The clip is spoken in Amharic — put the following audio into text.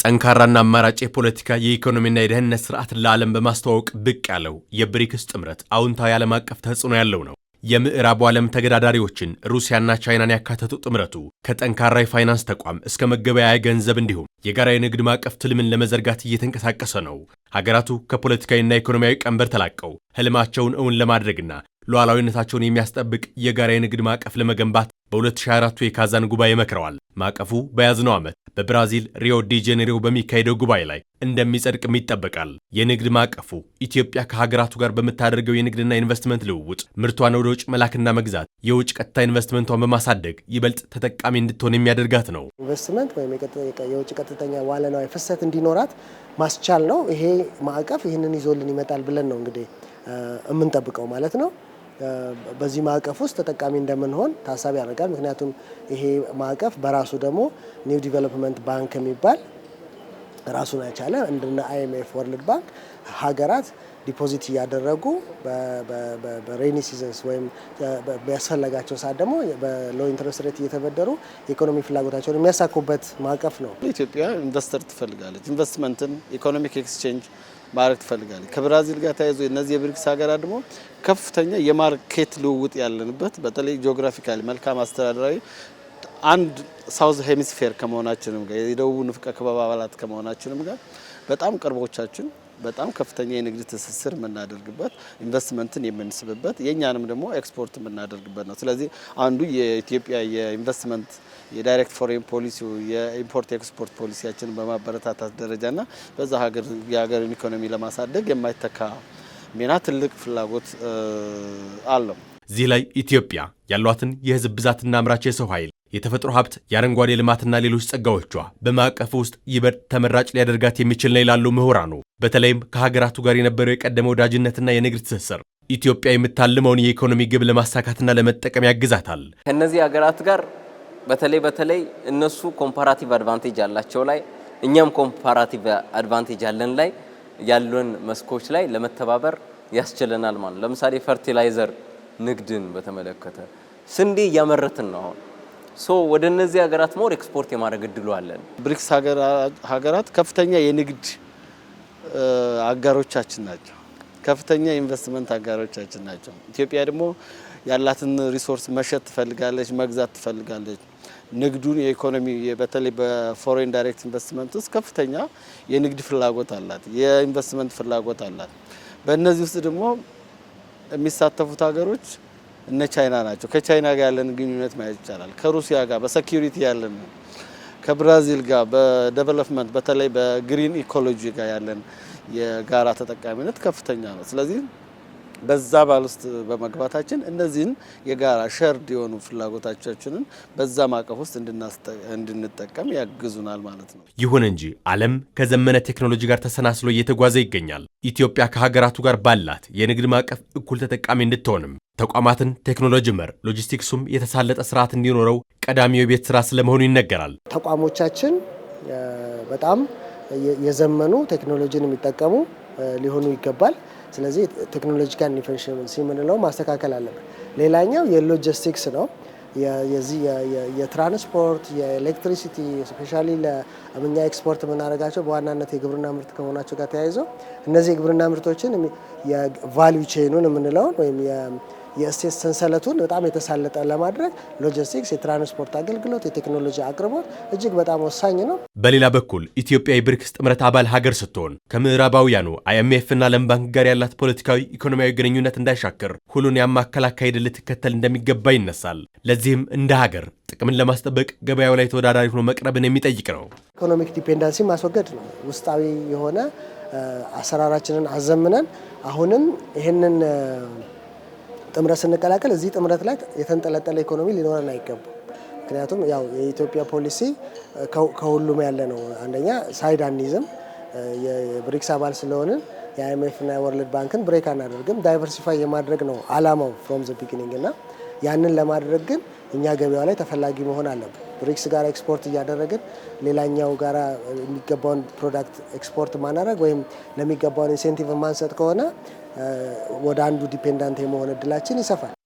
ጠንካራና አማራጭ የፖለቲካ የኢኮኖሚና የደህንነት ስርዓት ለዓለም በማስተዋወቅ ብቅ ያለው የብሪክስ ጥምረት አውንታዊ ዓለም አቀፍ ተጽዕኖ ያለው ነው። የምዕራቡ ዓለም ተገዳዳሪዎችን ሩሲያና ቻይናን ያካተቱ ጥምረቱ ከጠንካራ የፋይናንስ ተቋም እስከ መገበያያ ገንዘብ እንዲሁም የጋራ የንግድ ማዕቀፍ ትልምን ለመዘርጋት እየተንቀሳቀሰ ነው። ሀገራቱ ከፖለቲካዊና ኢኮኖሚያዊ ቀንበር ተላቀው ህልማቸውን እውን ለማድረግና ሉዓላዊነታቸውን የሚያስጠብቅ የጋራ የንግድ ማዕቀፍ ለመገንባት በ2024 የካዛን ጉባኤ መክረዋል። ማዕቀፉ በያዝነው ዓመት በብራዚል ሪዮ ዲ ጄኔሪዮ በሚካሄደው ጉባኤ ላይ እንደሚጸድቅም ይጠበቃል። የንግድ ማዕቀፉ ኢትዮጵያ ከሀገራቱ ጋር በምታደርገው የንግድና ኢንቨስትመንት ልውውጥ ምርቷን ወደ ውጭ መላክና መግዛት፣ የውጭ ቀጥታ ኢንቨስትመንቷን በማሳደግ ይበልጥ ተጠቃሚ እንድትሆን የሚያደርጋት ነው። ኢንቨስትመንት ወይም የውጭ ቀጥተኛ ዋለ ንዋይ ፍሰት እንዲኖራት ማስቻል ነው። ይሄ ማዕቀፍ ይህንን ይዞልን ይመጣል ብለን ነው እንግዲህ የምንጠብቀው ማለት ነው። በዚህ ማዕቀፍ ውስጥ ተጠቃሚ እንደምንሆን ታሳቢ ያደርጋል። ምክንያቱም ይሄ ማዕቀፍ በራሱ ደግሞ ኒው ዲቨሎፕመንት ባንክ የሚባል ራሱን የቻለ እንደ አይኤምኤፍ ወርልድ ባንክ ሀገራት ዲፖዚት እያደረጉ በሬኒ ሲዘንስ ወይም በያስፈለጋቸው ሰዓት ደግሞ በሎ ኢንትረስት ሬት እየተበደሩ የኢኮኖሚ ፍላጎታቸውን የሚያሳኩበት ማዕቀፍ ነው። ኢትዮጵያ ኢንቨስተር ትፈልጋለች። ኢንቨስትመንትን ኢኮኖሚክ ኤክስቼንጅ ማድረግ ትፈልጋለች። ከብራዚል ጋር ተያይዞ እነዚህ የብሪክስ ሀገራት ደግሞ ከፍተኛ የማርኬት ልውውጥ ያለንበት በተለይ ጂኦግራፊካሊ መልካም አስተዳደራዊ አንድ ሳውዝ ሄሚስፌር ከመሆናችንም ጋር የደቡቡ ንፍቀ ክበብ አባላት ከመሆናችንም ጋር በጣም ቅርቦቻችን በጣም ከፍተኛ የንግድ ትስስር የምናደርግበት ኢንቨስትመንትን የምንስብበት የእኛንም ደግሞ ኤክስፖርት የምናደርግበት ነው። ስለዚህ አንዱ የኢትዮጵያ የኢንቨስትመንት የዳይሬክት ፎሬን ፖሊሲ የኢምፖርት ኤክስፖርት ፖሊሲያችንን በማበረታታት ደረጃና በዛ የሀገርን ኢኮኖሚ ለማሳደግ የማይተካ ሚና ትልቅ ፍላጎት አለው። እዚህ ላይ ኢትዮጵያ ያሏትን የህዝብ ብዛትና አምራች የሰው ኃይል የተፈጥሮ ሀብት የአረንጓዴ ልማትና ሌሎች ጸጋዎቿ በማዕቀፉ ውስጥ ይበልጥ ተመራጭ ሊያደርጋት የሚችል ነው ይላሉ ምሁራኑ። በተለይም ከሀገራቱ ጋር የነበረው የቀደመ ወዳጅነትና የንግድ ትስስር ኢትዮጵያ የምታልመውን የኢኮኖሚ ግብ ለማሳካትና ለመጠቀም ያግዛታል። ከእነዚህ ሀገራት ጋር በተለይ በተለይ እነሱ ኮምፓራቲቭ አድቫንቴጅ አላቸው ላይ እኛም ኮምፓራቲቭ አድቫንቴጅ አለን ላይ ያሉን መስኮች ላይ ለመተባበር ያስችለናል ማለት ለምሳሌ ፈርቲላይዘር ንግድን በተመለከተ ስንዴ እያመረትን ነው አሁን ሶ ወደ እነዚህ ሀገራት ሞር ኤክስፖርት የማድረግ እድሉ አለን። ብሪክስ ሀገራት ከፍተኛ የንግድ አጋሮቻችን ናቸው። ከፍተኛ ኢንቨስትመንት አጋሮቻችን ናቸው። ኢትዮጵያ ደግሞ ያላትን ሪሶርስ መሸጥ ትፈልጋለች፣ መግዛት ትፈልጋለች። ንግዱን የኢኮኖሚ በተለይ በፎሬን ዳይሬክት ኢንቨስትመንት ውስጥ ከፍተኛ የንግድ ፍላጎት አላት፣ የኢንቨስትመንት ፍላጎት አላት። በእነዚህ ውስጥ ደግሞ የሚሳተፉት ሀገሮች እነ ቻይና ናቸው። ከቻይና ጋር ያለን ግንኙነት ማየት ይቻላል። ከሩሲያ ጋር በሴኪሪቲ ያለን፣ ከብራዚል ጋር በዴቨሎፕመንት በተለይ በግሪን ኢኮሎጂ ጋር ያለን የጋራ ተጠቃሚነት ከፍተኛ ነው። ስለዚህ በዛ ባል ውስጥ በመግባታችን እነዚህን የጋራ ሸርድ የሆኑ ፍላጎታቻችንን በዛ ማቀፍ ውስጥ እንድንጠቀም ያግዙናል ማለት ነው። ይሁን እንጂ ዓለም ከዘመነ ቴክኖሎጂ ጋር ተሰናስሎ እየተጓዘ ይገኛል። ኢትዮጵያ ከሀገራቱ ጋር ባላት የንግድ ማቀፍ እኩል ተጠቃሚ እንድትሆንም ተቋማትን ቴክኖሎጂ መር ሎጂስቲክሱም የተሳለጠ ስርዓት እንዲኖረው ቀዳሚው የቤት ስራ ስለመሆኑ ይነገራል። ተቋሞቻችን በጣም የዘመኑ ቴክኖሎጂን የሚጠቀሙ ሊሆኑ ይገባል። ስለዚህ ቴክኖሎጂካል ኢንፎርሜሽን የምንለው ማስተካከል አለብን። ሌላኛው የሎጂስቲክስ ነው። የዚህ የትራንስፖርት የኤሌክትሪሲቲ ስፔሻሊ ለእኛ ኤክስፖርት የምናደርጋቸው በዋናነት የግብርና ምርት ከመሆናቸው ጋር ተያይዘው እነዚህ የግብርና ምርቶችን የቫሊዩ ቼኑን የምንለውን ወይም የእሴት ሰንሰለቱን በጣም የተሳለጠ ለማድረግ ሎጂስቲክስ፣ የትራንስፖርት አገልግሎት፣ የቴክኖሎጂ አቅርቦት እጅግ በጣም ወሳኝ ነው። በሌላ በኩል ኢትዮጵያ የብሪክስ ጥምረት አባል ሀገር ስትሆን ከምዕራባውያኑ አይኤምኤፍና ዓለም ባንክ ጋር ያላት ፖለቲካዊ፣ ኢኮኖሚያዊ ግንኙነት እንዳይሻክር ሁሉን ያማከል አካሄድ ልትከተል እንደሚገባ ይነሳል። ለዚህም እንደ ሀገር ጥቅምን ለማስጠበቅ ገበያው ላይ ተወዳዳሪ ሆኖ መቅረብን የሚጠይቅ ነው። ኢኮኖሚክ ዲፔንደንሲ ማስወገድ ነው ውስጣዊ የሆነ አሰራራችንን አዘምነን አሁንም ይህንን ጥምረት ስንቀላቀል እዚህ ጥምረት ላይ የተንጠለጠለ ኢኮኖሚ ሊኖረን አይገባም። ምክንያቱም ያው የኢትዮጵያ ፖሊሲ ከሁሉም ያለ ነው። አንደኛ ሳይድ አንይዝም፣ የብሪክስ አባል ስለሆንን የአይምኤፍ ና የወርልድ ባንክን ብሬክ አናደርግም። ዳይቨርሲፋይ የማድረግ ነው አላማው ፍሮም ዘ ቢግኒንግ እና ያንን ለማድረግ ግን እኛ ገበያው ላይ ተፈላጊ መሆን አለብን። ብሪክስ ጋር ኤክስፖርት እያደረግን ሌላኛው ጋራ የሚገባውን ፕሮዳክት ኤክስፖርት ማናረግ ወይም ለሚገባውን ኢንሴንቲቭ ማንሰጥ ከሆነ ወደ አንዱ ዲፔንዳንት የመሆን እድላችን ይሰፋል።